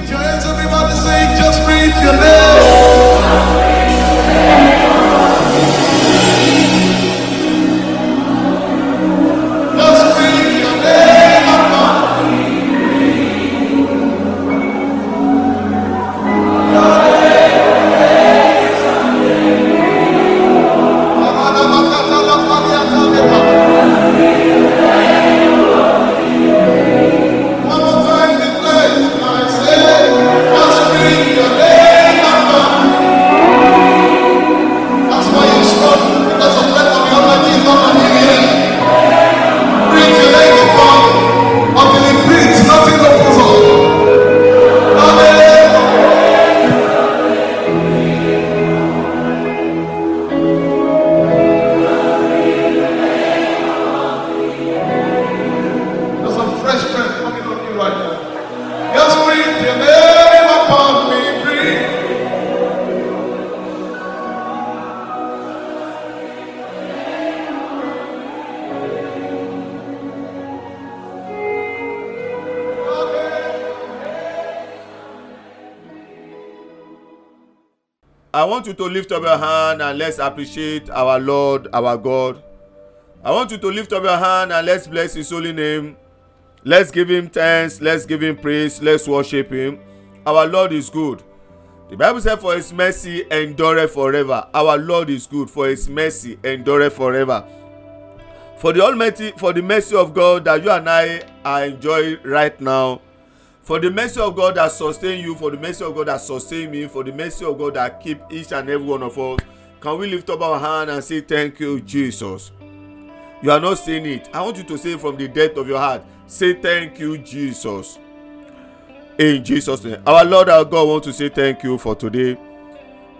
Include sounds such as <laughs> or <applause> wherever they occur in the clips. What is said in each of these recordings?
Reach your hands, everybody, say, just breathe your lips. to lift up your hand and let's appreciate our Lord, our God. I want you to lift up your hand and let's bless His holy name. Let's give Him thanks, let's give Him praise, let's worship Him. Our Lord is good. The Bible says, For His mercy endureth forever. Our Lord is good, for His mercy endureth forever. For the Almighty, for the mercy of God that you and I are enjoying right now for the mercy of God that sustain you, for the mercy of God that sustain me, for the mercy of God that keep each and every one of us. Can we lift up our hand and say thank you, Jesus? You are not saying it. I want you to say from the depth of your heart. Say thank you, Jesus. In Jesus' name. Our Lord, our God, want to say thank you for today.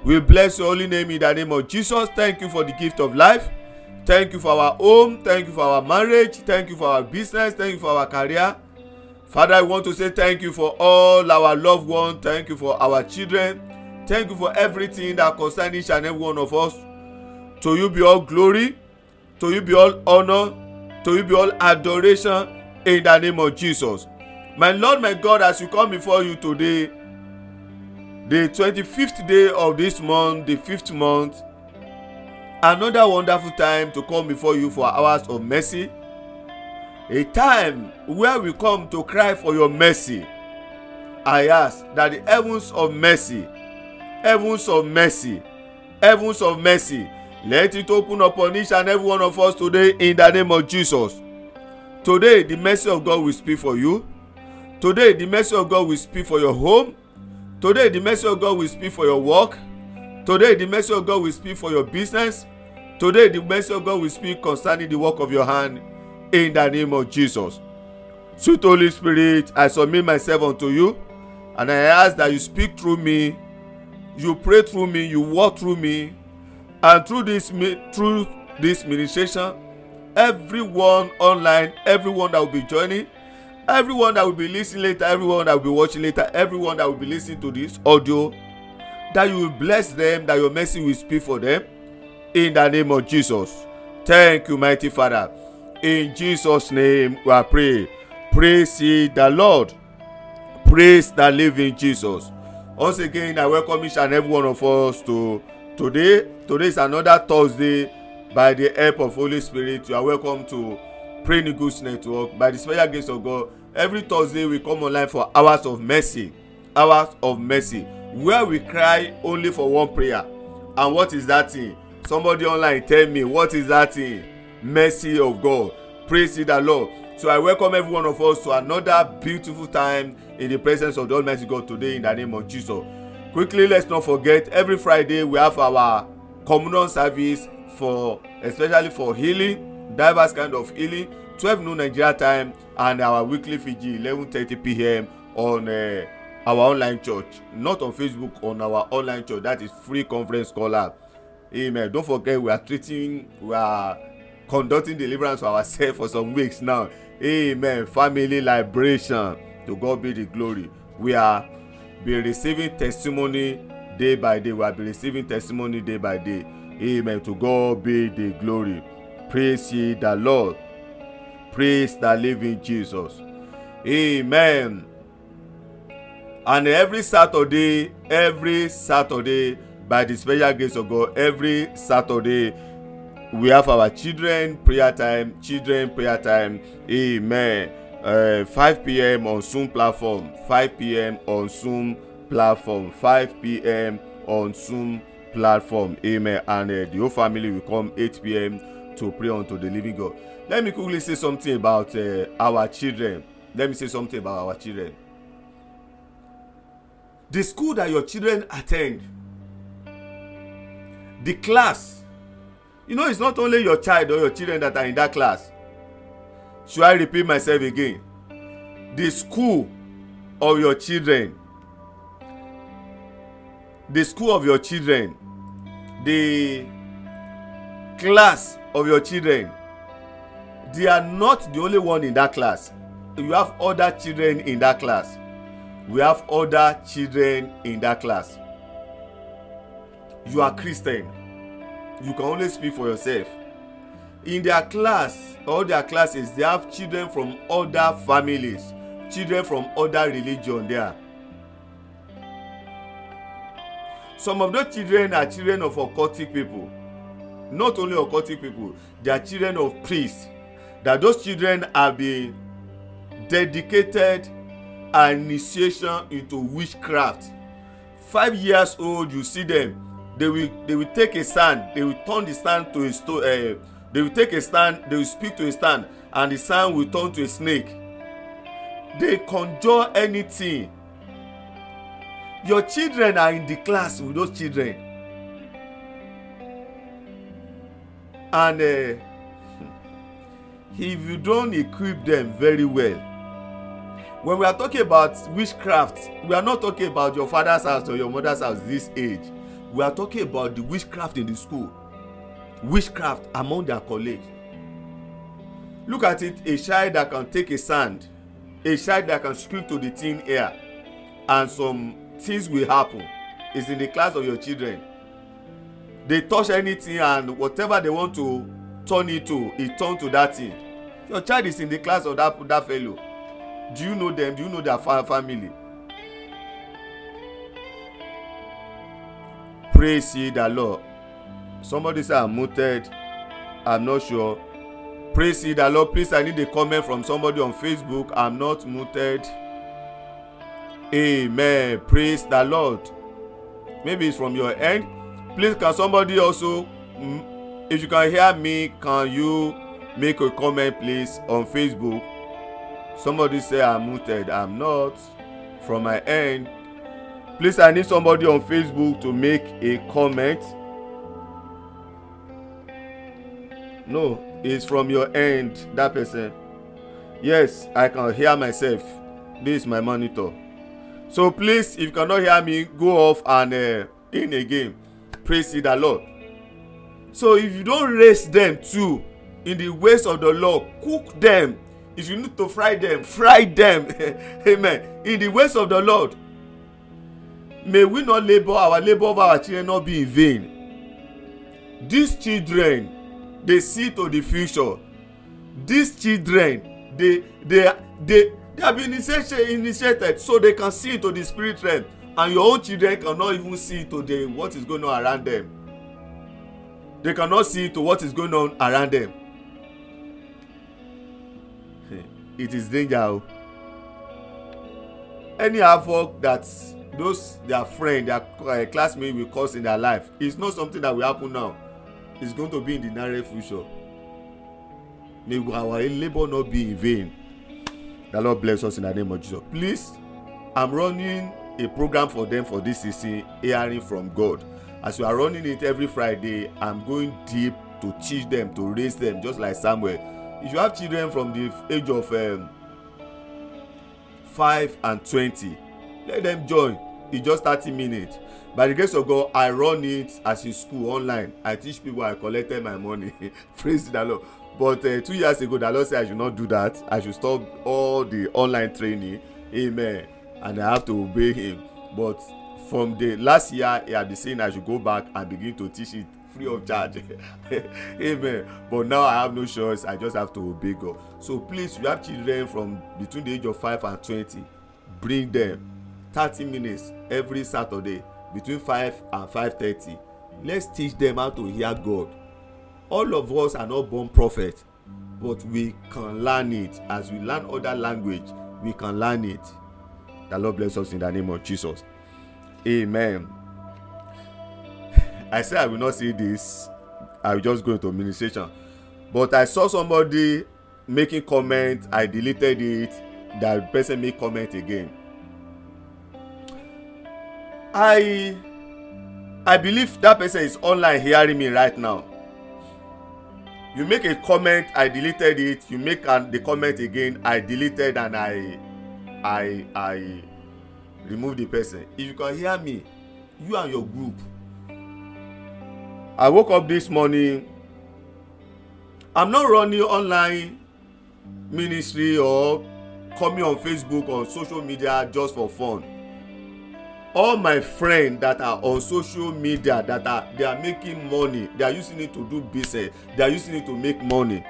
We bless your holy name in the name of Jesus. Thank you for the gift of life. Thank you for our home. Thank you for our marriage. Thank you for our business. Thank you for our career Father, I want to say thank you for all our loved ones. Thank you for our children. Thank you for everything that concerns each and every one of us. To you be all glory. To you be all honor. To you be all adoration in the name of Jesus. My Lord, my God, as we come before you today, the twenty th day of this month, the fifth month, another wonderful time to come before you for hours of mercy a time where we come to cry for your mercy. I ask that the heavens of mercy, heavens of mercy, heavens of mercy, let it open upon each and every one of us today in the name of Jesus. Today, the mercy of God will speak for you. Today, the mercy of God will speak for your home. Today, the mercy of God will speak for your work. Today, the mercy of God will speak for your business. Today, the mercy of God will speak concerning the work of your hand in the name of Jesus. Sweet Holy Spirit, I submit myself unto you and I ask that you speak through me, you pray through me, you walk through me, and through this through this ministration, everyone online, everyone that will be joining, everyone that will be listening later, everyone that will be watching later, everyone that will be listening to this audio, that you will bless them, that your mercy will speak for them, in the name of Jesus. Thank you, mighty Father. In Jesus' name we pray. Praise ye the Lord. Praise the living Jesus. Once again, I welcome each and every one of us to today. Today is another Thursday. By the help of Holy Spirit, you are welcome to Pray Negus Network. By the special grace of God, every Thursday we come online for hours of mercy. Hours of mercy. Where we cry only for one prayer. And what is that thing? Somebody online tell me what is that thing? mercy of God. Praise ye the Lord. So I welcome every one of us to another beautiful time in the presence of the Almighty God today in the name of Jesus. Quickly, let's not forget every Friday we have our communal service for especially for healing, diverse kind of healing, 12 noon Nigeria time, and our weekly Fiji 11:30 p.m. on uh, our online church, not on Facebook, on our online church. That is free conference call Amen. Don't forget we are treating we are conducting deliverance for ourselves for some weeks now amen family liberation to god be the glory we are be receiving testimony day by day we are be receiving testimony day by day amen to god be the glory praise ye the lord praise the living jesus amen and every saturday every saturday by the special grace of god every saturday we have our children prayer time children prayer time amen uh, 5 p.m on zoom platform 5 p.m on zoom platform 5 p.m on zoom platform amen and uh, the whole family will come 8 p.m to pray unto the living god let me quickly say something about uh, our children let me say something about our children the school that your children at ten d the class You know, it's not only your child or your children that are in that class. Should I repeat myself again? The school of your children, the school of your children, the class of your children, they are not the only one in that class. You have other children in that class. We have other children in that class. You are Christian you can only speak for yourself in their class all their classes they have children from other families children from other religion there some of those children are children of occultic people not only occultic people they are children of priests that those children have been dedicated an initiation into witchcraft five years old you see them they will they will take a stand they will turn the stand to a stone uh, they will take a stand they will speak to a stand and the stand will turn to a snake they conjure anything your children are in the class with those children and uh, <laughs> if you don't equip them very well when we are talking about witchcraft we are not talking about your father's house or your mother's house this age we are talking about the witchcraft in the school witchcraft among their colleagues look at it a child that can take a sand a child that can speak to the thin air and some things will happen is in the class of your children they touch anything and whatever they want to turn it to e turn to that thing your child is in the class of that that fellow do you know them do you know their family praise ye the lord somebody say i'm muted i'm not sure praise ye the lord please i need a comment from somebody on facebook i'm not muted amen praise the lord maybe it's from your end please can somebody also mm, if you can hear me can you make a comment please on facebook somebody say i'm muted i'm not from my end Please, I need somebody on Facebook to make a comment. No, it's from your end, that person. Yes, I can hear myself. This is my monitor. So please, if you cannot hear me, go off and uh, in again. Praise the Lord. So if you don't raise them too in the ways of the Lord, cook them. If you need to fry them, fry them. <laughs> Amen. In the ways of the Lord May we not labour our labour of our children not be in vain. These children, they see to the future. These children, they they they they have been initiated, initiated so they can see to the spirit realm and your own children cannot even see today what is going on around them they cannot see to what is going on around them <laughs> it is danger o oh. anyhow work that's those their friend their uh, classmate will cause in their life it's not something that will happen now it's going to be in the near future may our labour not be in vain the lord bless us in the name of jesus please i'm running a program for them for this season hearing from god as we are running it every friday i'm going deep to teach them to raise them just like samuel if you have children from the age of um, five and twenty let them join e just thirty minutes by the grace of god i run it as a school online i teach people i collected my money <laughs> praise the lord but uh, two years ago the lord say i should not do that i should stop all the online training amen and i have to obey him but from the last year he had been saying i should go back and begin to teach it free of charge <laughs> amen but now i have no choice i just have to obey god so please you have children from between the age of five and twenty bring them thirty minutes every saturday between five and five thirty let's teach them how to hear god all of us are not born prophets but we can learn it as we learn other language we can learn it the lord bless us in the name of jesus amen <laughs> i say i will not see this i will just go into administration but i saw somebody making comment i deleted it that person make comment again I I believe that person is online hearing me right now. You make a comment, I deleted it. You make an, the comment again, I deleted and I I I remove the person. If you can hear me, you and your group. I woke up this morning. I'm not running online ministry or coming on Facebook or social media just for fun all my friends that are on social media that are they are making money they are using it to do business they are using it to make money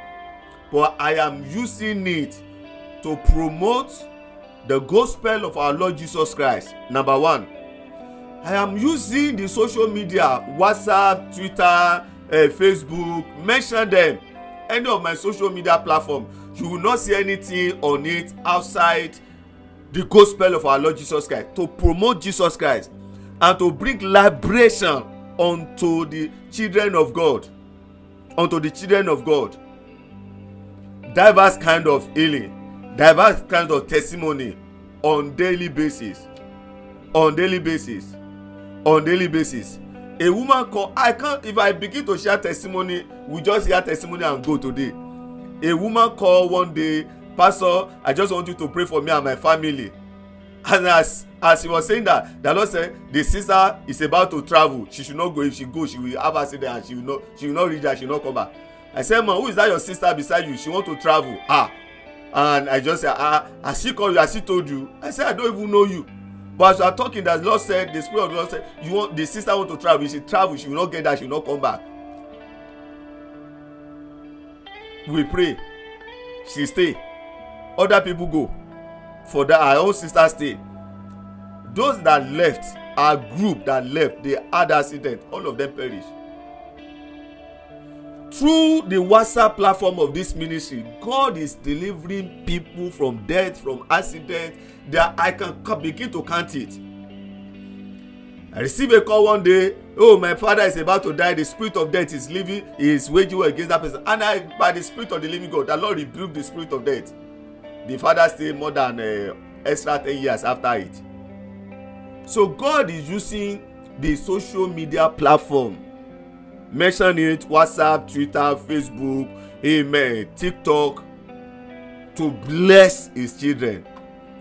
but i am using it to promote the gospel of our lord jesus christ number one i am using the social media whatsapp twitter uh, facebook mention them any of my social media platform you will not see anything on it outside the gospel of our Lord Jesus Christ, to promote Jesus Christ, and to bring liberation unto the children of God. Unto the children of God. Diverse kind of healing, diverse kind of testimony on daily basis. On daily basis. On daily basis. A woman called, I can't, if I begin to share testimony, we just hear testimony and go today. A woman called one day pastor i just want you to pray for me and my family and as as he was saying that the lord said the sister is about to travel she should not go if she go she will have accident and she will not she will not reach there she will not come back i said ma who is that your sister beside you she want to travel ah and i just say ah as she call you as she told you i say i don't even know you but as we are talking that lord said the spirit of the lord said you want the sister want to travel if she travel she will not get there she will not come back we pray she stay other people go for that our own sister stay those that left our group that left they had accident all of them perish through the whatsapp platform of this ministry god is delivering people from death from accident that i can begin to count it i receive a call one day oh my father is about to die the spirit of death is living he is waging war against that person and i by the spirit of the living god that lord rebuke the spirit of death the father stay more than uh, extra ten years after it so god is using the social media platform mention it whatsapp twitter facebook amen tiktok to bless his children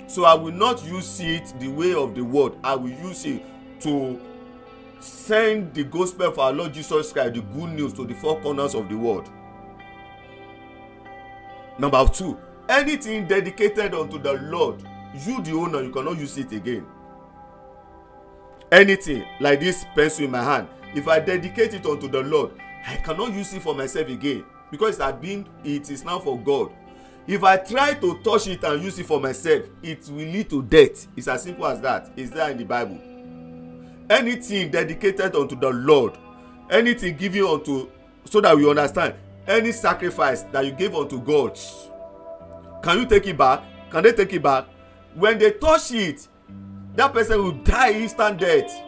so i will not use it the way of the world i will use it to send the gospel for our lord jesus christ the good news to the four corners of the world number two anything dedicated unto the lord you the owner you cannot use it again anything like this pencil in my hand if i dedicate it unto the lord i cannot use it for myself again because it has been it is now for god if i try to touch it and use it for myself it will lead to death it's as simple as that it's there in the bible anything dedicated unto the lord anything given unto so that we understand any sacrifice that you gave unto god can you take it back can they take it back when they touch it that person will die instant death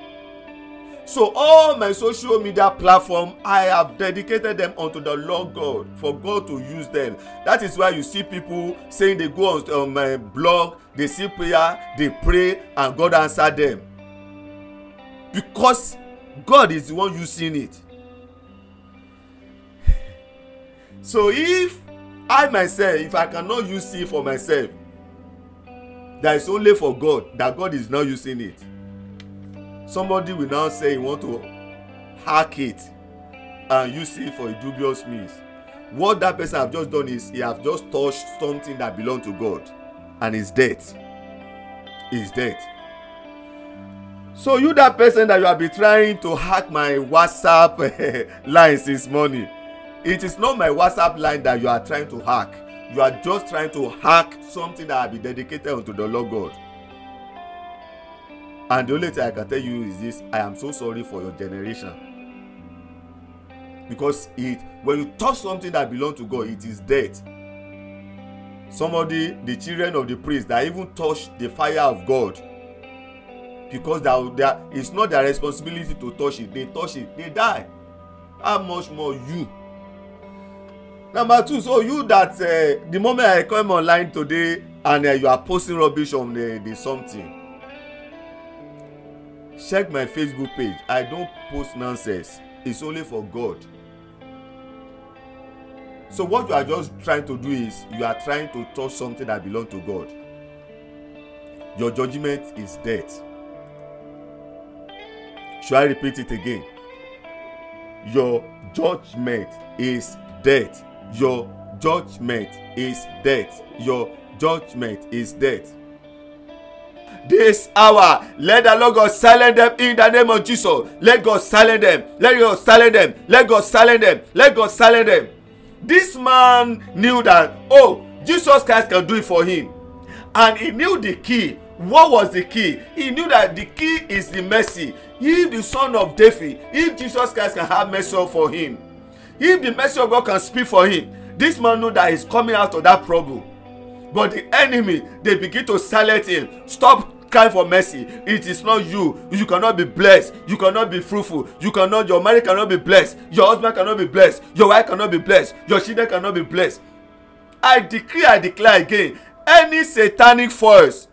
so all my social media platform i have dedicated them unto the lord god for god to use them that is why you see people saying they go on, um, my blog they see prayer they pray and god answer them because god is the one using it <sighs> so if I myself, if I cannot use it for myself, that is only for God, that God is not using it. Somebody will now say he want to hack it and use it for a dubious means. What that person have just done is he have just touched something that belong to God and is dead. Is dead. So you that person that you have been trying to hack my WhatsApp <laughs> line since morning it is not my whatsapp line that you are trying to hack you are just trying to hack something that have been dedicated unto the lord god and the only thing i can tell you is this i am so sorry for your generation because it when you touch something that belongs to god it is dead somebody the children of the priest that even touch the fire of god because that, that it's not their responsibility to touch it they touch it they die how much more you number two so you that uh, the moment i come online today and uh, you are posting rubbish on the, eh, the something check my facebook page i don post nonsense it's only for god so what you are just trying to do is you are trying to touch something that belong to god your judgement is death should i repeat it again your judgement is death Your judgment is death. Your judgment is death. This hour, let the Lord God silence them in the name of Jesus. Let God silence them. Let God silence them. Let God silence them. Let God silence them. This man knew that, oh, Jesus Christ can do it for him. And he knew the key. What was the key? He knew that the key is the mercy. If the son of David, if Jesus Christ can have mercy for him, if the mercy of god can speak for him this man know that he is coming out of that problem but the enemy dey begin to silence him stop crying for mercy it is not you you cannot be blessed you cannot be fruitful you cannot your marriage cannot be blessed your husband cannot be blessed your wife cannot be blessed your children cannot be blessed i declare i declare again any satanic force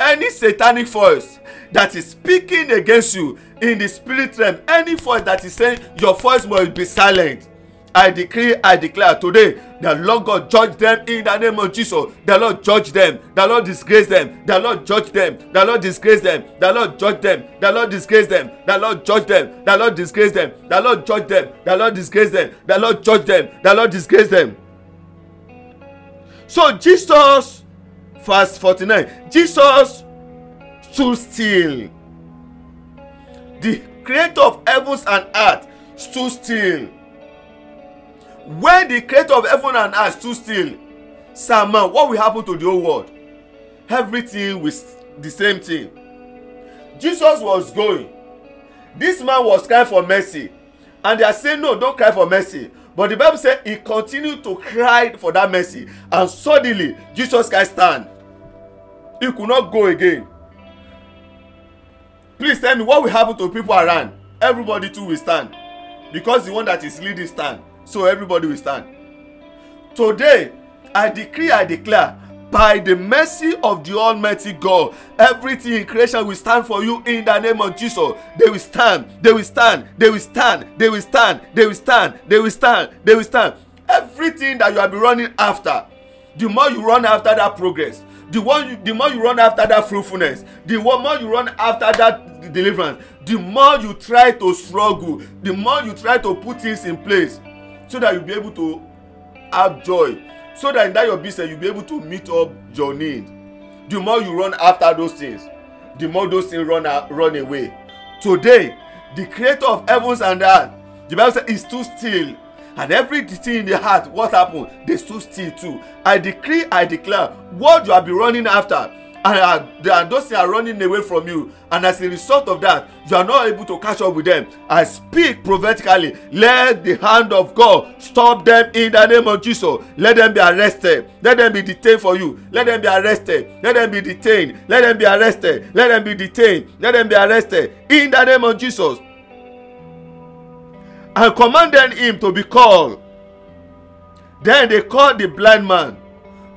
any satanic force that is speaking against you in the spirit realm any force that is saying your voice must be silent I declare! I declare today, the Lord God judge them in the name of Jesus. The Lord judge them. The Lord disgrace them. The Lord judge them. The Lord disgrace them. The Lord judge them. The Lord disgrace them. The Lord judge them. The Lord disgrace them. The Lord judge them. The Lord disgrace them. The Lord judge them. The Lord disgrace them. So Jesus, verse forty-nine. Jesus stood still. The creator of heavens and earth stood still when the creator of heaven and earth stood still psalm man what will happen to the whole world everything with the same thing jesus was going this man was crying for mercy and they are saying no don't cry for mercy but the bible say he continued to cry for that mercy and suddenly jesus christ stand he could not go again please tell me what will happen to people around everybody too will stand because the one that is leading stand so everybody will stand. Today, I decree, I declare, by the mercy of the Almighty God, everything in creation will stand for you in the name of Jesus. They will stand, they will stand, they will stand, they will stand, they will stand, they will stand, they will stand. Everything that you have been running after, the more you run after that progress, the one you, the more you run after that fruitfulness the more you run after that deliverance the more you try to struggle the more you try to put things in place so that you be able to have joy so that in that your business you be able to meet up your need the more you run after those things the more those things run run away today the creator of heavens and earth the bible say is too still and everything in the heart what happen dey too still too i declare i declare what you have been running after Uh, and, those things are running away from you and as a result of that you are not able to catch up with them i speak prophetically let the hand of god stop them in the name of jesus let them be arrested let them be detained for you let them be arrested let them be detained let them be arrested let them be detained let them be arrested in the name of jesus i commanded him to be called then they called the blind man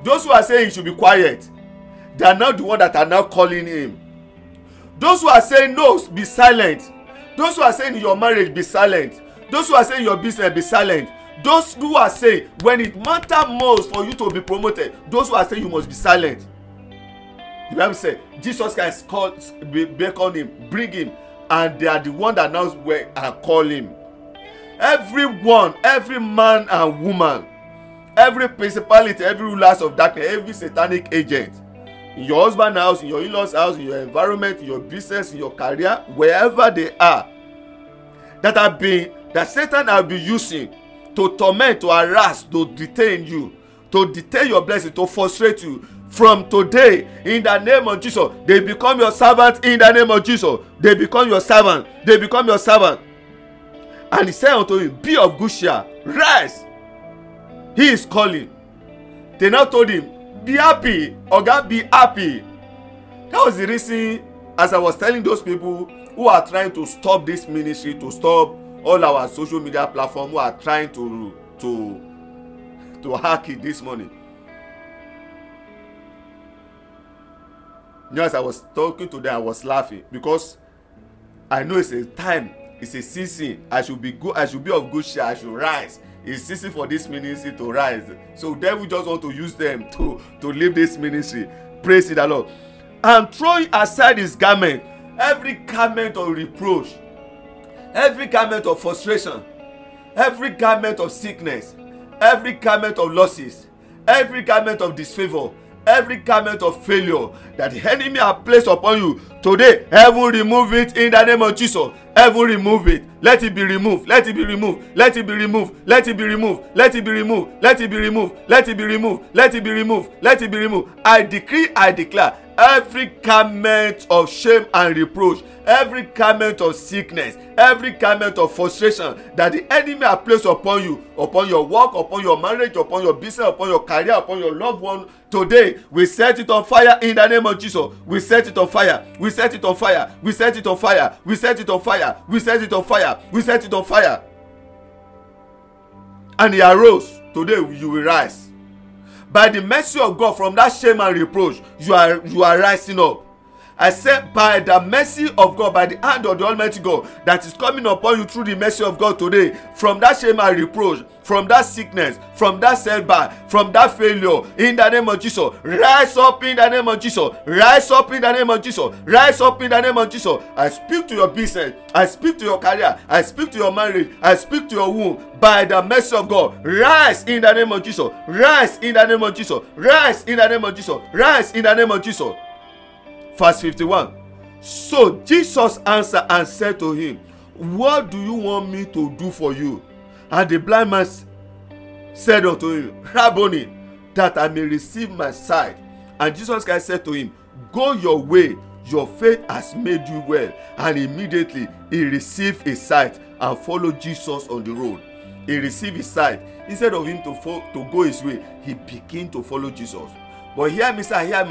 those who are saying he should be quiet they are now the one that are now calling him those who are saying no be silent those who are saying your marriage be silent those who are saying your business be silent those who are saying when it matter most for you to be promoted those who are saying you must be silent the bible say jesus christ call beckon him bring him and they are the one that now were and call him everyone every man and woman every principality every rulers of darkness every satanic agent in your husband house in your in-laws house in your environment in your business in your career wherever they are that have been that satan have been using to torment to harass to detain you to detain your blessing to frustrate you from today in the name of jesus they become your servant in the name of jesus they become your servant they become your servant and he said unto him be of good cheer rise he is calling they now told him be happy oga be happy that was the reason as i was telling those people who are trying to stop this ministry to stop all our social media platform who are trying to to to hack it this morning you know as i was talking to them i was laughing because i know it's a time it's a season i should be good i should be of good cheer i should rise is easy for this ministry to rise so devil just want to use them to to leave this ministry praise the lord and throwing aside his garment every garment of reproach every garment of frustration every garment of sickness every garment of losses every garment of disfavour every garment of failure that the enemy have placed upon you today heaven remove it in the name of jesus heaven remove it let it be removed let it be removed let it be removed let it be removed let it be removed let it be removed let it be removed let it be removed let it be removed i decree i declare every garment of shame and reproach every garment of sickness every garment of frustration that the enemy has placed upon you upon your work upon your marriage upon your business upon your career upon your loved one Today, we set it on fire in the name of Jesus. We set it on fire. We set it on fire. We set it on fire. We set it on fire. We set it on fire. We set it on fire. And he arose. Today, you will rise. By the mercy of God, from that shame and reproach, you are you are rising up. I said, by the mercy of God, by the hand of the Almighty God that is coming upon you through the mercy of God today, from that shame and reproach, from that sickness, from that setback, from that failure. In the name of Jesus, rise up in the name of Jesus. Rise up in the name of Jesus. Rise up in the name of Jesus. I speak to your business. I speak to your career. I speak to your marriage. I speak to your womb. By the mercy of God, rise in the name of Jesus. Rise in the name of Jesus. Rise in the name of Jesus. Rise in the name of Jesus. Verse 51. So Jesus answered and said to him, What do you want me to do for you? And the blind man said unto him, Rabboni, that I may receive my sight. And Jesus Christ said to him, Go your way, your faith has made you well. And immediately he received his sight and followed Jesus on the road. He received his sight. Instead of him to, fo- to go his way, he began to follow Jesus. But here, Mr. Hear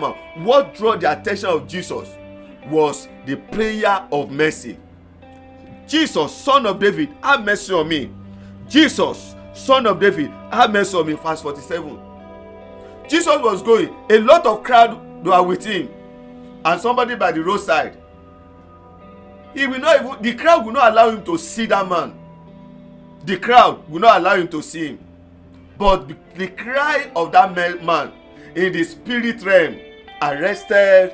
What drew the attention of Jesus was the prayer of mercy. Jesus, son of David, have mercy on me Jesus, son of David, have mercy on me. Verse 47. Jesus was going. A lot of crowd were with him. And somebody by the roadside. He will not even, the crowd will not allow him to see that man. The crowd will not allow him to see him. But the cry of that man in the spirit realm arrested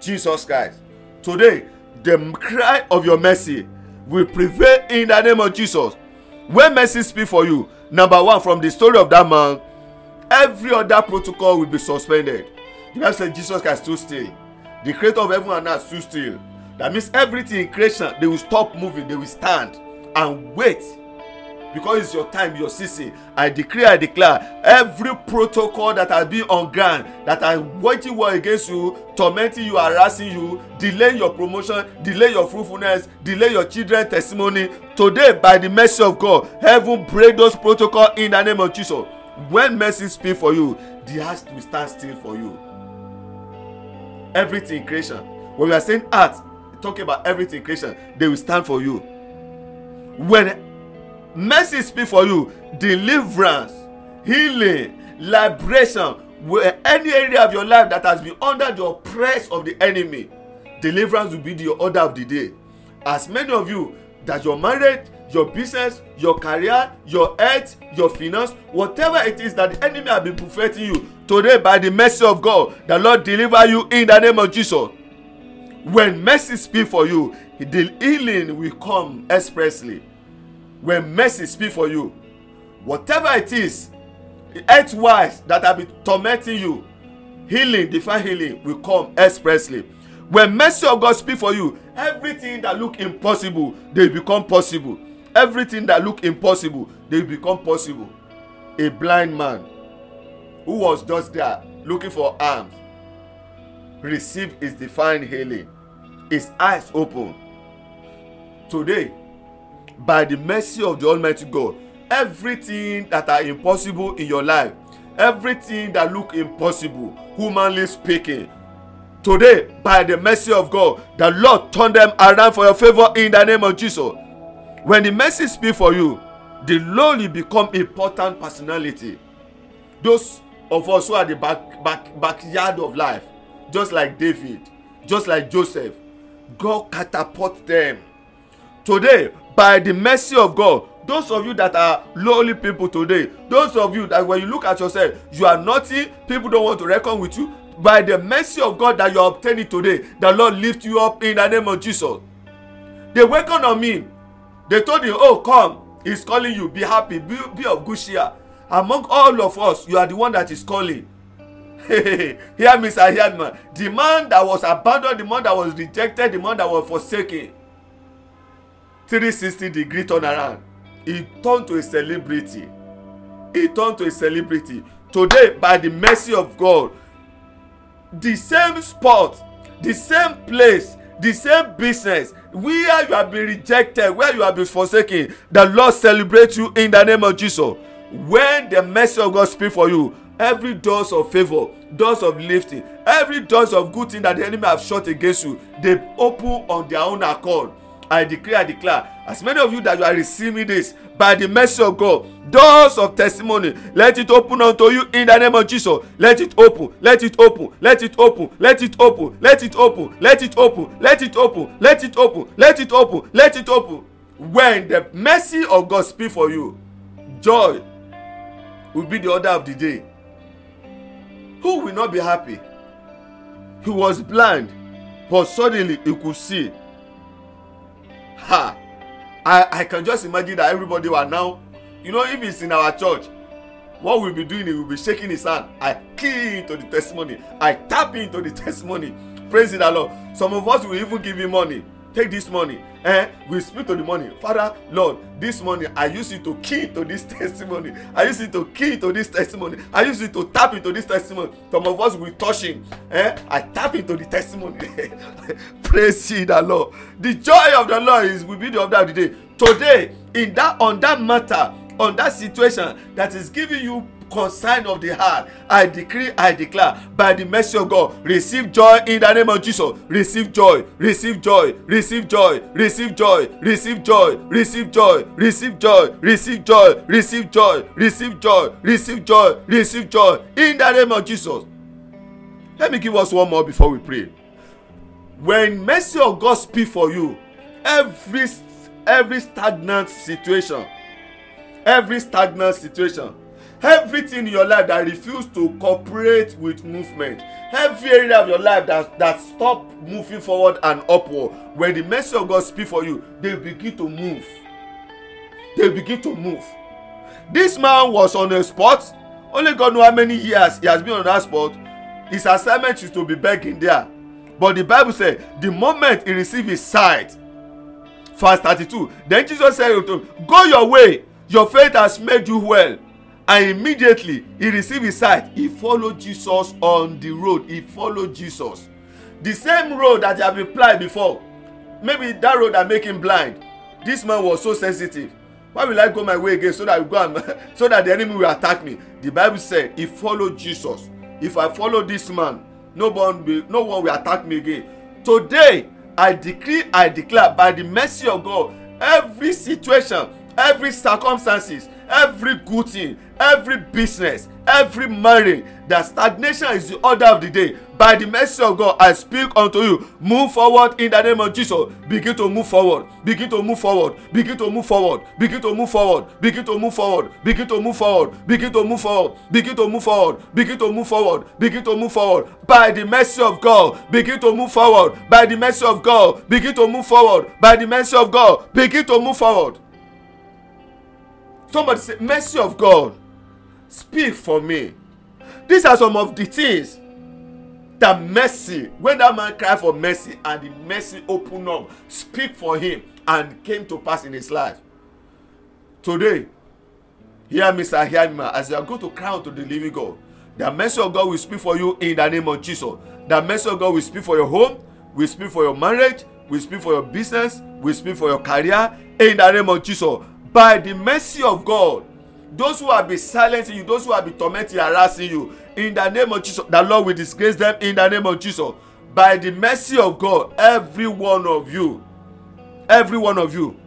Jesus Christ. Today, the cry of your mercy will prevail in the name of Jesus. when mercy speak for you number one from the story of that man every other protocol will be suspended the bible say jesus christ stood still the creator of heaven and earth stood still that means everything in creation they will stop moving they will stand and wait because it's your time your season i declare i declare every protocol that has been on ground that are waging well against you tormenting you harassing you delay your promotion delay your fruitfulness delay your children testimony today by the mercy of god heaven break those protocol in the name of jesus when mercy speak for you the heart will stand still for you everything creation when we are saying heart talking about everything creation they will stand for you when mercy speak for you deliverance healing liberation where any area of your life that has been under the press of the enemy deliverance will be the order of the day as many of you that your marriage your business your career your health your finance whatever it is that the enemy has been perfecting you today by the mercy of god the lord deliver you in the name of jesus when mercy speak for you the healing will come expressly when mercy speak for you whatever it is wise that have been tormenting you healing divine healing will come expressly when mercy of god speak for you everything that look impossible dey become possible everything that look impossible dey become possible a blind man who was just there looking for arms received his divine healing his eyes open today by the mercy of the almighty god everything that are impossible in your life everything that look impossible humanly speaking today by the mercy of god the lord turn them around for your favour in the name of jesus when the mercy speak for you the lowly become important personality those of us who are the back back backyard of life just like david just like joseph god catapult them today by the mercy of god those of you that are lowly people today those of you that when you look at yourself you are naughty people don't want to reckon with you by the mercy of god that you are obtaining today the lord lift you up in the name of jesus they welcomed on him they told you, oh come he's calling you be happy be, be of good cheer among all of us you are the one that is calling <laughs> hear me sir hear me the man that was abandoned the man that was rejected the man that was forsaken three sixty degree turnaround he turned to a celebrity he turned to a celebrity today by the mercy of god the same spot the same place the same business where you have been rejected where you have been forsaken the lord celebrate you in the name of jesus when the mercy of god speak for you every doors of favour doors of lifting every doors of good thing that the enemy have shot against you dey open on their own accord I declare, I declare, as many of you that you are receiving this, by the mercy of God, doors of testimony, let it open unto you in the name of Jesus. Let it open, let it open, let it open, let it open, let it open, let it open, let it open, let it open, let it open, let it open. When the mercy of God speak for you, joy will be the order of the day. Who will not be happy? He was blind, but suddenly he could see ha i i can just imagine that everybody were now you know if it's in our church what we'll be doing we'll be shaking his hand i key into the testimony i tap into the <laughs> testimony praise the lord some of us will even give him money take this money eh we speak to the money father lord this money i use it to key to this <laughs> testimony i use it to key to this testimony i use it to tap into this testimony some of us we touch him eh i tap into the testimony <laughs> praise ye the lord the joy of the lord is will be the order of the day today in that on that matter on that situation that is giving you concern of the heart i decree i declare by the mercy of god receive joy in the name of jesus receive joy receive joy receive joy receive joy receive joy receive joy receive joy receive joy receive joy receive joy receive joy receive joy in the name of jesus let me give us one more before we pray when mercy of god speak for you every every stagnant situation every stagnant situation everything in your life that refuse to cooperate with movement every area of your life that that stop moving forward and upward when the mercy of god speak for you they begin to move they begin to move this man was on a spot only god know how many years he has been on that spot his assignment is to be begging there but the bible say the moment he receive his sight verse thirty-two then jesus said to him go your way your faith has made you well and immediately he received his sight he followed jesus on the road he followed jesus the same road that he had replied before maybe that road that make him blind this man was so sensitive why will i go my way again so that go and <laughs> so that the enemy will attack me the bible said he followed jesus if i follow this man no one will no one will attack me again today i declare i declare by the mercy of god every situation every circumstances every good thing every business every marriage that stagnation is the order of the day by the mercy of god i speak unto you move forward in the name of jesus begin to move forward begin to move forward begin to move forward begin to move forward begin to move forward begin to move forward begin to move forward begin to move forward begin to move forward begin to move forward by the mercy of god begin to move forward by the mercy of god begin to move forward by the mercy of god begin to move forward. Somebody say, Mercy of God, speak for me. These are some of the things that mercy, when that man cry for mercy and the mercy open up, speak for him and came to pass in his life. Today, hear me, sir, hear me, as you are going to cry unto the living God. The mercy of God will speak for you in the name of Jesus. The mercy of God will speak for your home, will speak for your marriage, will speak for your business, will speak for your career in the name of Jesus by the mercy of God those who have been silencing you those who have been tormenting harassing you in the name of jesus the lord will disgrace them in the name of jesus by the mercy of god every one of you every one of you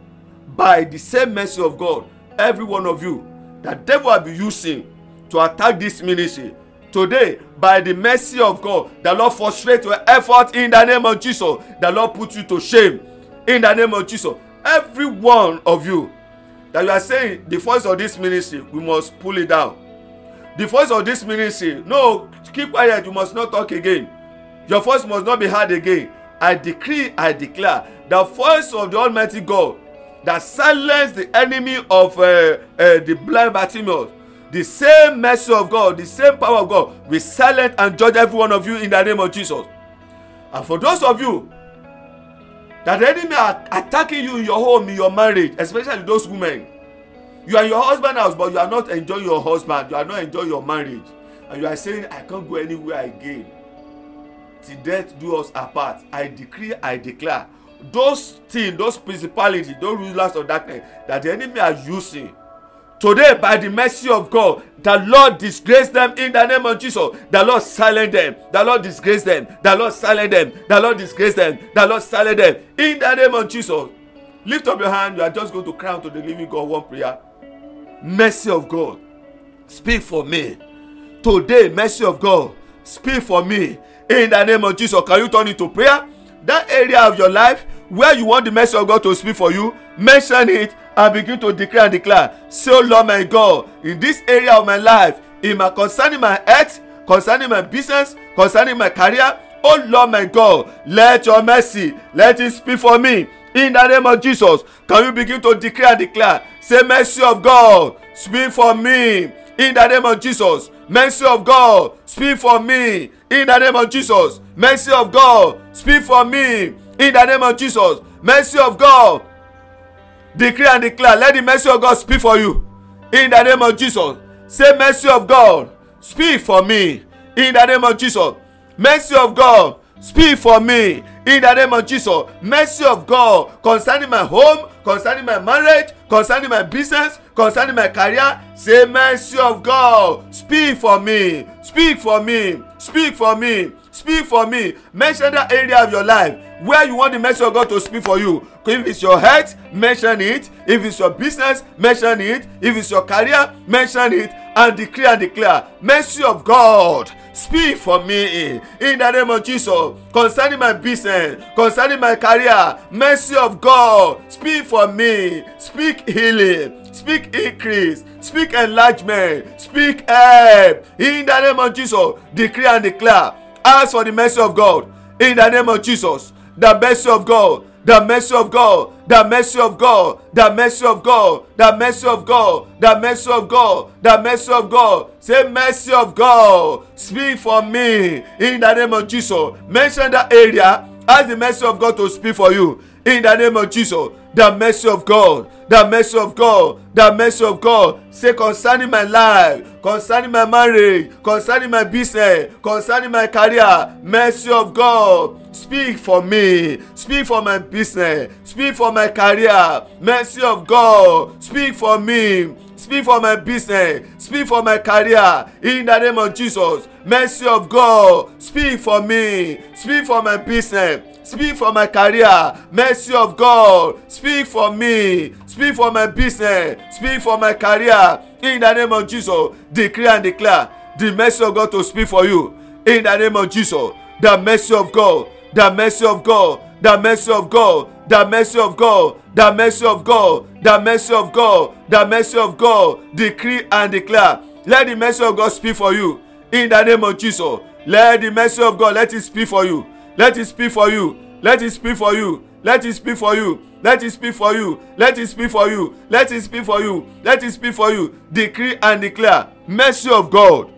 by the same mercy of god every one of you the devil have been using to attack this ministry today by the mercy of god the lord frustrate your effort in the name of jesus the lord put you to shame in the name of jesus every one of you that you are saying the voice of this ministry we must pull it down the voice of this ministry no keep quiet you must not talk again your voice must not be heard again i decree i declare the voice of the almighty god that silenced the enemy of uh, uh, the blind bartimaeus the same mercy of god the same power of god will silence and judge every one of you in the name of jesus and for those of you that the enemy are attacking you in your home in your marriage especially those women you are your husband house but you are not enjoying your husband you are not enjoying your marriage and you are saying i can't go anywhere again till death do us apart i declare i declare those things those principalities those rulers of darkness that the enemy are using Today, by the mercy of God, the Lord disgrace them in the name of Jesus. The Lord silence them. The Lord disgrace them. The Lord silence them. The Lord disgrace them. The Lord silence them in the name of Jesus. Lift up your hand. You are just going to cry out to the living God one prayer. Mercy of God, speak for me. Today, mercy of God, speak for me in the name of Jesus. Can you turn it to prayer? That area of your life where you want the mercy of God to speak for you mention it and begin to declare and declare say o oh, lord my god in this area of my life in my concerning my health concerning my business concerning my career o oh, lord my god let your mercy let it speak for me in the name of jesus can you begin to declare and declare say mercy of god speak for me in the name of jesus mercy of god speak for me in the name of jesus mercy of god speak for me in the name of jesus mercy of god declare and declare let the mercy of god speak for you in the name of jesus say mercy of god speak for me in the name of jesus mercy of god speak for me in the name of jesus mercy of god concerning my home concerning my marriage concerning my business concerning my career say mercy of god speak for me speak for me speak for me speak for me mention that area of your life where you want the mercy of God to speak for you. If it's your health, mention it. If it's your business, mention it. If it's your career, mention it. And declare and declare, mercy of God speak for me in the name of jesus concerning my business concerning my career mercy of god speak for me speak healing speak increase speak enlargement speak help in the name of jesus declare and declare ask for the mercy of god in the name of jesus the mercy of God, the mercy of God, the mercy of God, the mercy of God, the mercy of God, the mercy of God, the mercy of God. Say, mercy of God, speak for me in the name of Jesus. Mention that area, ask the mercy of God to speak for you in the name of Jesus. The mercy of God, the mercy of God, the mercy of God. Say concerning my life, concerning my marriage, concerning my business, concerning my career, mercy of God speak for me speak for my business speak for my career mercy of god speak for me speak for my business speak for my career in the name of jesus mercy of god speak for me speak for my business speak for my career mercy of god speak for me speak for my business speak for my career in the name of jesus declare and declare the mercy of god to speak for you in the name of jesus the mercy of god the mercy of God, the mercy of God, the mercy of God, the mercy of God, the mercy of God, the mercy of God, decree and declare. Let the mercy of God speak for you in the name of Jesus. Let the mercy of God let it speak for you. Let it speak for you. Let it speak for you. Let it speak for you. Let it speak for you. Let it speak for you. Let it speak for you. Let it speak for you. Decree and declare mercy of God.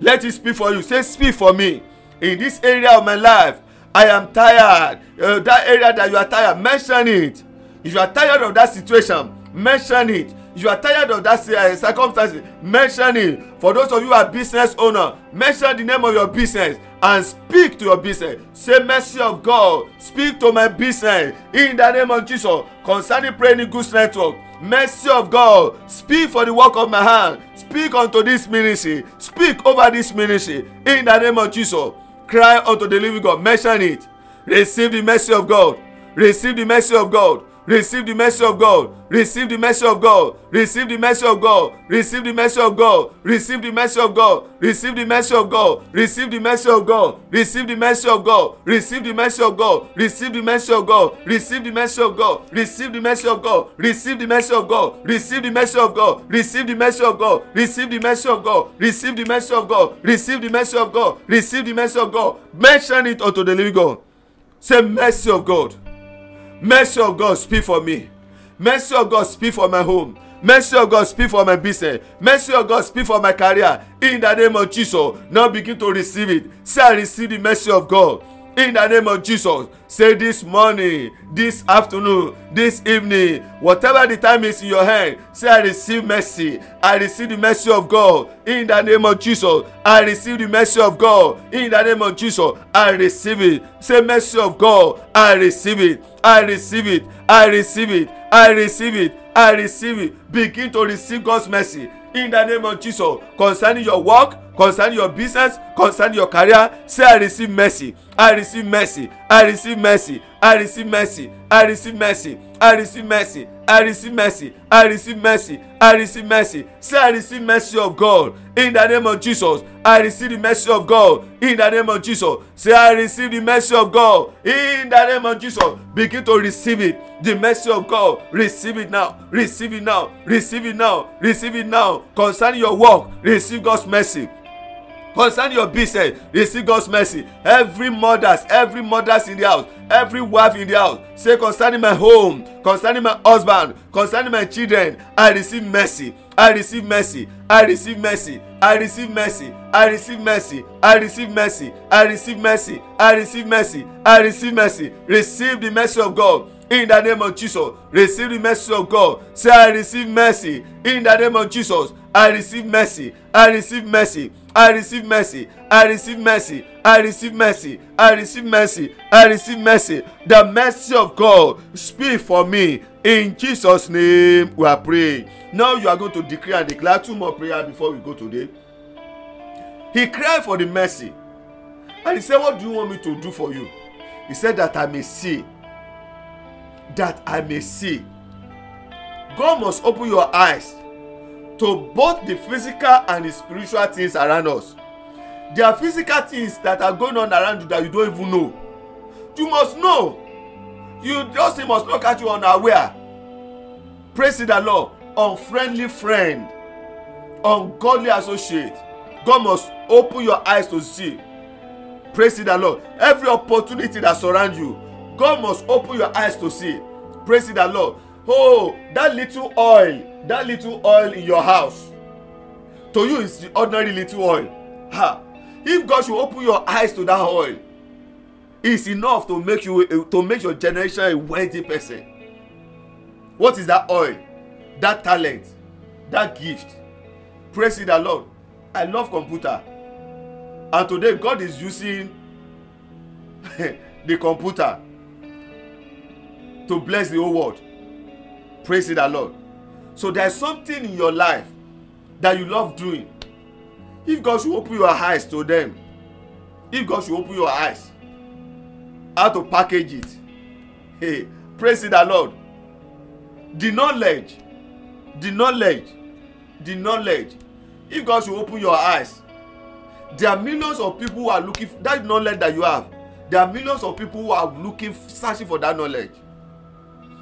Let it speak for you. Say, speak for me in this area of my life I am tired. Uh, that area that you are tired, mention it. If you are tired of that situation, mention it. If you are tired of that uh, circumstances, mention it. For those of you who are business owner, mention the name of your business and speak to your business. Say, mercy of God, speak to my business in the name of Jesus. Concerning praying Goose network, mercy of God, speak for the work of my hand. Speak unto this ministry. Speak over this ministry in the name of Jesus Cry unto the living God. Mention it. Receive the mercy of God. Receive the mercy of God. Receive the mercy of God. Receive the mercy of God. Receive the mercy of God. Receive the mercy of God. Receive the mercy of God. Receive the mercy of God. Receive the mercy of God. Receive the mercy of God. Receive the mercy of God. Receive the mercy of God. Receive the mercy of God. Receive the mercy of God. Receive the mercy of God. Receive the mercy of God. Receive the mercy of God. Receive the mercy of God. Receive the mercy of God. Receive the mercy of God. Receive the mercy of God. Mention it unto the living God. Say mercy of God mercy of god speak for me mercy of god speak for my home mercy of god speak for my business mercy of god speak for my career in the name of jesus now begin to receive it say i receive the mercy of god in the name of jesus say this morning this afternoon this evening whatever the time is in your hand say i receive mercy i receive the mercy of god in the name of jesus i receive the mercy of god in the name of jesus i receive it say mercy of god i receive it i receive it i receive it i receive it i receive it begin to receive god's mercy in the name of jesus concerning your work concerning your business concerning your career say i receive mercy i receive mercy i receive mercy I receive mercy. I receive mercy. I receive mercy. I receive mercy. I receive mercy. I receive mercy. Say, I receive mercy of God in the name of Jesus. I receive the mercy of God in the name of Jesus. Say, I receive the mercy of God in the name of Jesus. Begin to receive it. The mercy of God. Receive it now. Receive it now. Receive it now. Receive it now. Concerning your work, receive God's mercy concern your business receive god's mercy every mothers every mothers in the house every wife in the house say concerning my home concerning my husband concerning my children i receive mercy i receive mercy i receive mercy i receive mercy i receive mercy i receive mercy i receive mercy i receive mercy i receive mercy receive the mercy of god in the name of jesus receive the mercy of god say i receive mercy in the name of jesus i receive mercy i receive mercy I receive mercy. I receive mercy. I receive mercy. I receive mercy. I receive mercy. The mercy of God speak for me. In Jesus' name, we are praying. Now you are going to declare. and declare two more prayer before we go today. He cried for the mercy. And he said, What do you want me to do for you? He said, That I may see. That I may see. God must open your eyes to both the physical and the spiritual things around us there are physical things that are going on around you that you don't even know you must know you just must not catch you unaware praise the lord unfriendly friend ungodly associate god must open your eyes to see praise the lord every opportunity that surrounds you god must open your eyes to see praise the lord oh that little oil that little oil in your house to you is ordinary little oil ha if god should open your eyes to that oil it's enough to make you to make your generation a wealthy person what is that oil that talent that gift praise the lord i love computer and today god is using <laughs> the computer to bless the whole world Praise the Lord. So there's something in your life that you love doing. If God should open your eyes to them, if God should open your eyes, how to package it. Hey, praise the Lord. The knowledge, the knowledge, the knowledge. If God should open your eyes, there are millions of people who are looking for that knowledge that you have. There are millions of people who are looking, searching for that knowledge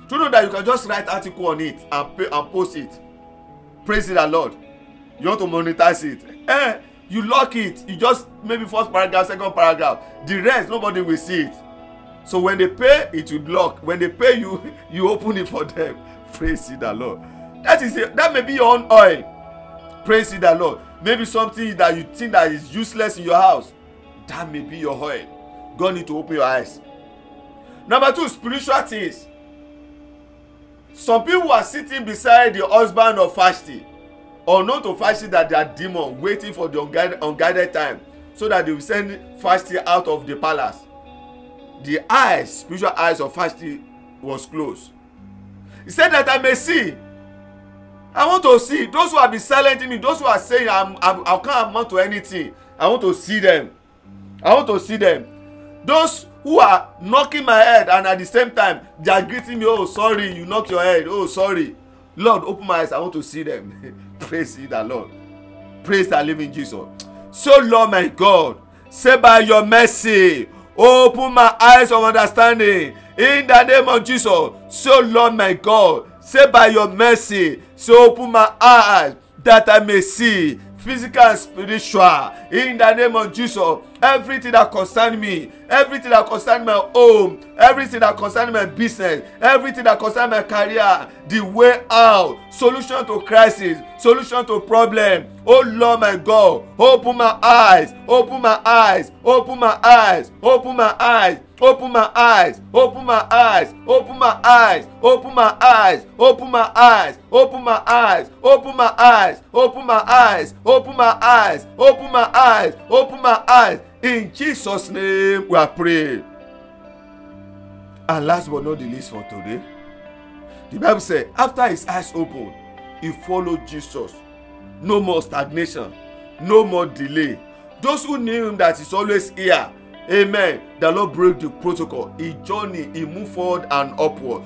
to know that you can just write article on it and, pay, and post it praise the lord you want to monetize it eh you lock it you just maybe first paragraph second paragraph the rest nobody will see it so when they pay it will lock when they pay you <laughs> you open it for them praise the lord that is that may be your own oil praise the lord maybe something that you think that is useless in your house that may be your oil god need to open your eyes number two spiritual things some people were sitting beside the husband of Vashti unknown to Vashti that they are demon waiting for the unguided, unguided time so that they will send Vashti out of the palace the eyes spiritual eyes of Vashti was closed he said that I may see I want to see those who have been silencing me those who are saying I'm, I'm I can't amount to anything I want to see them I want to see them those who are knocking my head and at the same time they are greeting me oh sorry you knock your head oh sorry lord open my eyes i want to see them <laughs> praise you the lord praise the living jesus so lord my god say by your mercy open my eyes of understanding in the name of jesus so lord my god say by your mercy so open my eyes that i may see physical and spiritual in the name of jesus everything that concern me everything that concern my home everything that concern my business everything that concern my career the way out solution to crisis solution to problem oh lord my god open my eyes open my eyes open my eyes open my eyes open my eyes open my eyes open my eyes open my eyes open my eyes open my eyes open my eyes open my eyes open my eyes open my eyes open my eyes In Jesus' name we are praying. And last but not the least for today, the Bible says, after his eyes opened, he followed Jesus. No more stagnation, no more delay. Those who knew him that he's always here, amen. The Lord broke the protocol. He journeyed, he moved forward and upward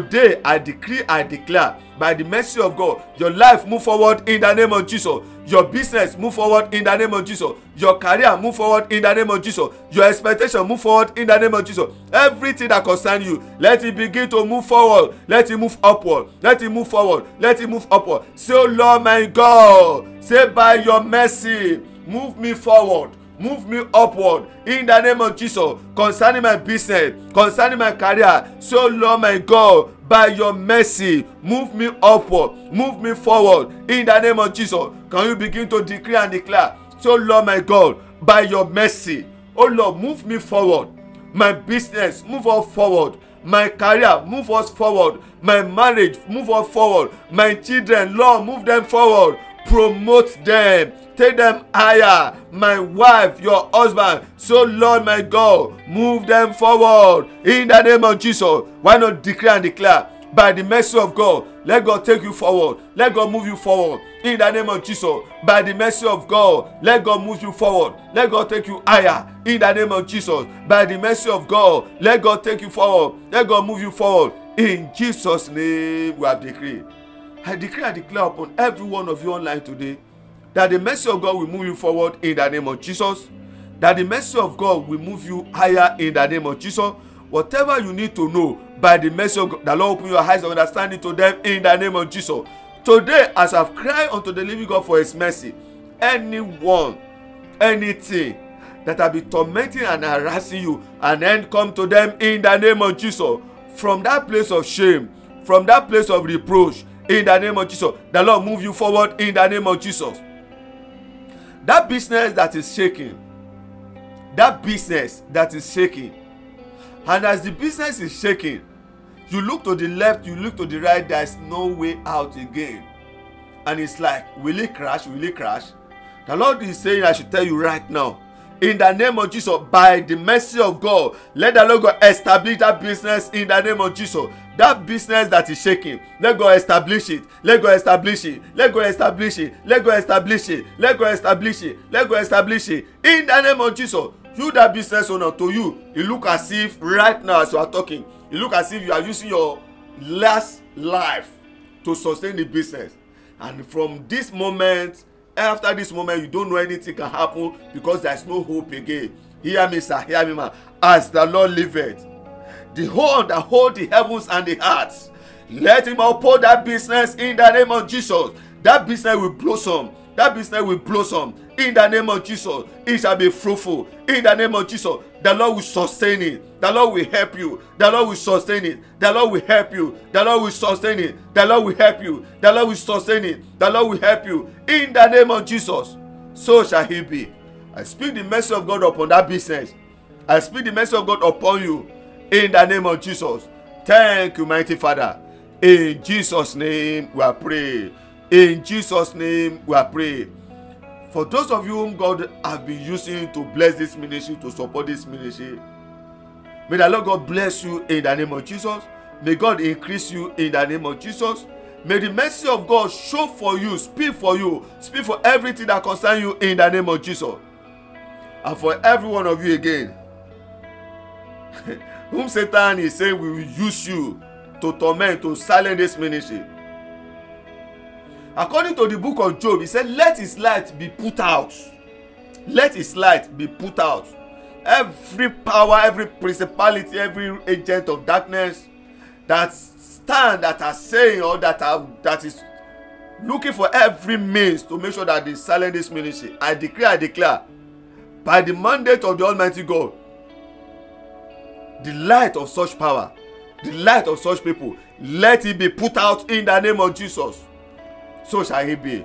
today i decree i declare by the mercy of god your life move forward in the name of jesus your business move forward in the name of jesus your career move forward in the name of jesus your expectation move forward in the name of jesus everything that concern you let it begin to move forward let it move upward let it move forward let it move upward say o oh lord my god say by your mercy move me forward move me upward in the name of jesus concerning my business concerning my career so lord my god by your mercy move me upward move me forward in the name of jesus can you begin to declare and declare so lord my god by your mercy oh lord move me forward my business move us forward my career move us forward my marriage move us forward my children lord move them forward promote them take them higher my wife your husband so lord my god move them forward in the name of jesus why not declare and declare by the mercy of god let god take you forward let god move you forward in the name of jesus by the mercy of god let god move you forward let god take you higher in the name of jesus by the mercy of god let god take you forward let god move you forward in jesus name we have declared. I declare, and declare upon every one of you online today that the mercy of God will move you forward in the name of Jesus. That the mercy of God will move you higher in the name of Jesus. Whatever you need to know by the mercy of God, the Lord open your eyes and understanding to them in the name of Jesus. Today, as I've cried unto the living God for his mercy, anyone, anything that have been tormenting and harassing you, and then come to them in the name of Jesus. From that place of shame, from that place of reproach, in the name of Jesus. The Lord move you forward in the name of Jesus. That business that is shaking, that business that is shaking, and as the business is shaking, you look to the left, you look to the right, there's no way out again. And it's like, will it crash? Will it crash? The Lord is saying, I should tell you right now, in the name of Jesus by the mercy of God. Let the Lord God establish that business in the name of Jesus. that business that is shaking let God establish it let God establish it let God establish it let God establish it let God establish it let God establish it in the name of Jesus you that business owner to you e look as if right now as you are talking e look as if you are using your last life to sustain the business and from this moment after this moment you don't know anything can happen because there is no hope again hear me sir hear me ma as the lord liveth the whole, that hold the heavens and the earth let him uphold that business in the name of jesus that business will blossom that business will blossom in the name of jesus it shall be fruitful in the name of jesus the lord will sustain it the lord will help you the lord will sustain it the lord will help you the lord will sustain it the lord will help you the lord will sustain it the lord will help you in the name of jesus so shall he be i speak the mercy of god upon that business i speak the mercy of god upon you in the name of Jesus. Thank you, mighty Father. In Jesus' name we are praying. In Jesus' name we are praying. For those of you whom God has been using to bless this ministry, to support this ministry, may the Lord God bless you in the name of Jesus. May God increase you in the name of Jesus. May the mercy of God show for you, speak for you, speak for everything that concerns you in the name of Jesus. And for every one of you again. <laughs> whom satan is saying we will use you to torment to silence this ministry according to the book of job he said let his light be put out let his light be put out every power every principality every agent of darkness that stand that are saying or that are that is looking for every means to make sure that they silence this ministry i declare i declare by the mandate of the almighty god the light of such power the light of such people let it be put out in the name of jesus so shall it be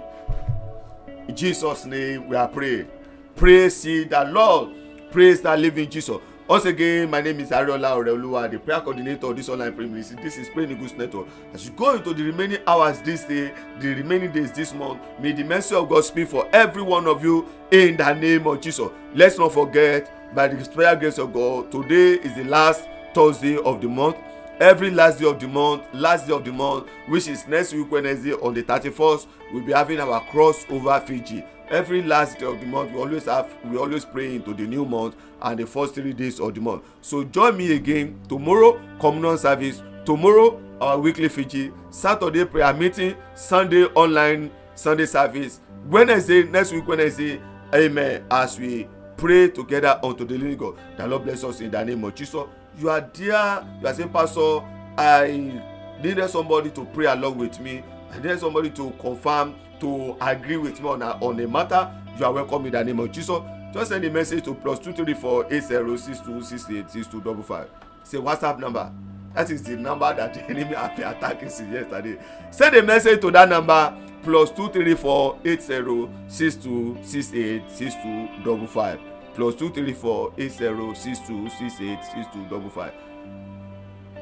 in jesus name we are praying praise ye the lord praise the living jesus Once again, my name is Ariola Oreoluwa, the prayer coordinator of this online prayer ministry. This is Praying the good Network. As you go into the remaining hours this day, the remaining days this month, may the mercy of God speak for every one of you in the name of Jesus. Let's not forget, by the prayer grace of God, today is the last Thursday of the month. Every last day of the month, last day of the month, which is next week Wednesday on the 31st, we'll be having our cross over Fiji every last day of the month we always have we always pray into the new month and the first three days of the month so join me again tomorrow communion service tomorrow our weekly fiji saturday prayer meeting sunday online sunday service wednesday next week wednesday amen as we pray together unto the living god the lord bless us in the name of jesus you are there you are saying pastor i needed somebody to pray along with me i needed somebody to confirm to agree with me on a on a matter you are welcome in the name of jesus just send a message to plus two three four eight zero six two six eight six two double five Say whatsapp number that is the number that the enemy have been attacking since yesterday send a message to that number plus two three four eight zero six two six eight six two double five plus two three four eight zero six two six eight six two double five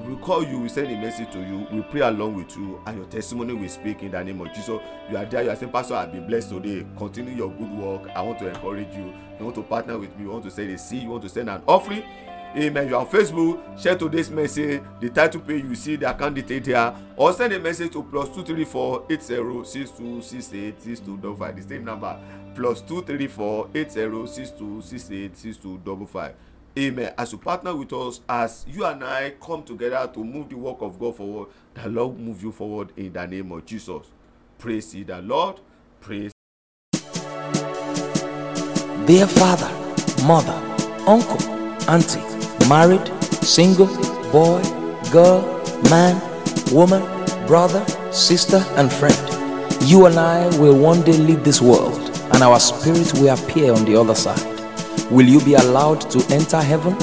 we call you we send a message to you we pray along with you and your testimony We speak in the name of jesus you are there you are saying pastor i be blessed today continue your good work i want to encourage you you want to partner with me you want to send a seed you want to send an offering amen you are on facebook share today's message the title page you see the account detail there or send a message to plus two three four eight zero six two six eight six two double five the same number plus two three four eight zero six two six eight six two double five Amen. As you partner with us, as you and I come together to move the work of God forward, the Lord move you forward in the name of Jesus. Praise ye the Lord. Praise. Dear father, mother, uncle, auntie, married, single, boy, girl, man, woman, brother, sister, and friend, you and I will one day leave this world, and our spirit will appear on the other side. Will you be allowed to enter heaven?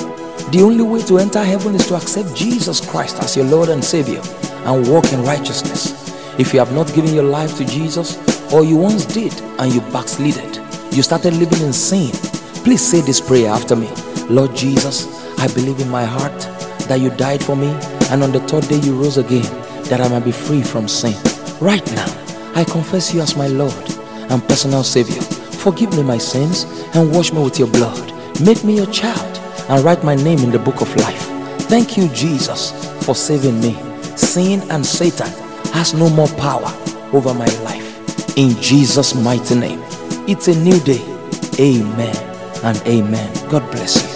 The only way to enter heaven is to accept Jesus Christ as your Lord and Savior and walk in righteousness. If you have not given your life to Jesus, or you once did and you backslided, you started living in sin, please say this prayer after me Lord Jesus, I believe in my heart that you died for me, and on the third day you rose again, that I might be free from sin. Right now, I confess you as my Lord and personal Savior. Forgive me my sins and wash me with your blood. Make me your child and write my name in the book of life. Thank you, Jesus, for saving me. Sin and Satan has no more power over my life. In Jesus' mighty name, it's a new day. Amen and amen. God bless you.